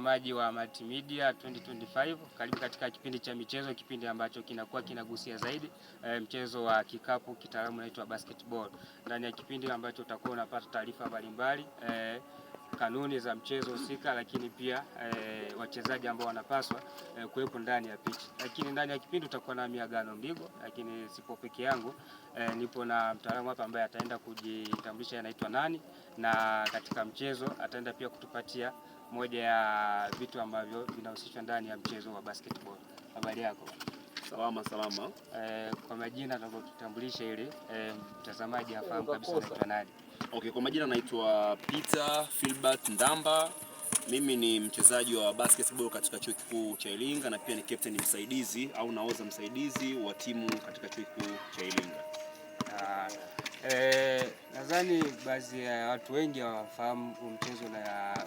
Maji wa Multimedia 2025 karibu katika kipindi cha michezo, kipindi ambacho kinakuwa kinagusia zaidi e, mchezo wa kikapu kitaalamu unaitwa basketball. Ndani ya kipindi ambacho utakuwa unapata taarifa mbalimbali e, kanuni za mchezo husika, lakini pia e, wachezaji ambao wanapaswa e, kuwepo ndani ya pichi. Lakini ndani ya kipindi utakuwa na miagano mdigo, lakini sipo peke yangu e, nipo na mtaalamu hapa ambaye ataenda kujitambulisha anaitwa nani, na katika mchezo ataenda pia kutupatia moja ya vitu ambavyo vinahusishwa ndani ya mchezo wa basketball. Habari yako? Salama salama. Eh, kwa majina tutambulishe ili eh, mtazamaji afahamu kabisa unaitwa nani. Okay, kwa majina naitwa Peter Philbert Ndamba. Mimi ni mchezaji wa basketball katika chuo kikuu cha Iringa na pia ni captain msaidizi au naoza msaidizi wa timu katika chuo kikuu cha Iringa. Ah, eh, nadhani baadhi ya watu wengi hawafahamu mchezo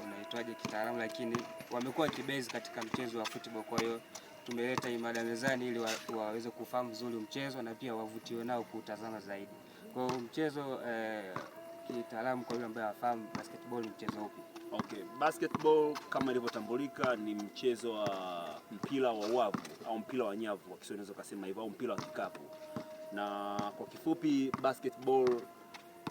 unaitwaje kitaalamu, lakini wamekuwa kibezi katika mchezo wa football, kwa hiyo tumeleta hii mada mezani ili waweze wa kufahamu vizuri mchezo na pia wavutiwe nao kuutazama zaidi. Kwa hiyo mchezo eh, kitaalamu kwa yule ambaye hafahamu basketball ni mchezo upi? Okay, basketball kama ilivyotambulika ni mchezo wa mpira wa wavu au mpira wa nyavu, wakisema unaweza kusema hivyo, au mpira wa kikapu, na kwa kifupi basketball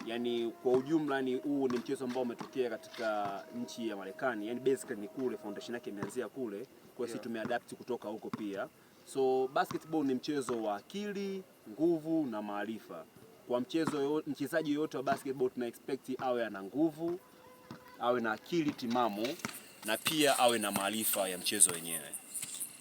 yani kwa ujumla ni huu ni mchezo ambao umetokea katika nchi ya Marekani, yani basically ni kule foundation yake imeanzia kule, kwa sisi tumeadapt kutoka huko pia. So basketball ni mchezo wa akili, nguvu na maarifa. Kwa mchezo mchezaji yoyote wa basketball tuna expect awe ana nguvu, awe na akili timamu na pia awe na maarifa ya mchezo wenyewe.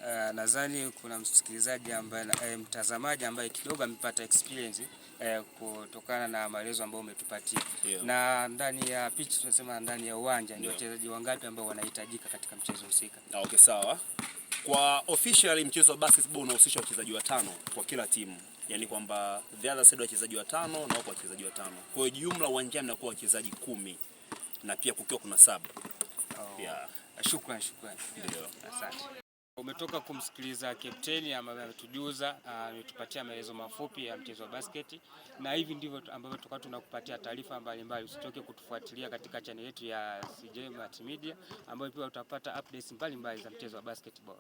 Eh, nadhani kuna msikilizaji ambaye eh, mtazamaji ambaye kidogo amepata experience eh, kutokana na maelezo ambayo umetupatia yeah. Na ndani ya pitch tunasema ndani ya uwanja ni yeah. Wachezaji wangapi ambao wanahitajika katika mchezo husika? Ah, okay, sawa. Kwa officially mchezo wa basketball unahusisha wachezaji watano kwa kila timu, yaani kwamba the other side wachezaji watano na wako wachezaji watano, kwa hiyo jumla uwanjani nakuwa wachezaji kumi na pia kukiwa kuna sub. Oh. Yeah. Shukran, shukran. Ndio. Asante. Umetoka kumsikiliza kapteni ambaye ametujuza ah, ametupatia maelezo mafupi ya mchezo wa basketi, na hivi ndivyo ambavyo tutakuwa tunakupatia taarifa mbalimbali. Usitoke kutufuatilia katika chaneli yetu ya CJ Multimedia ambayo pia utapata updates mbalimbali za mchezo wa basketball.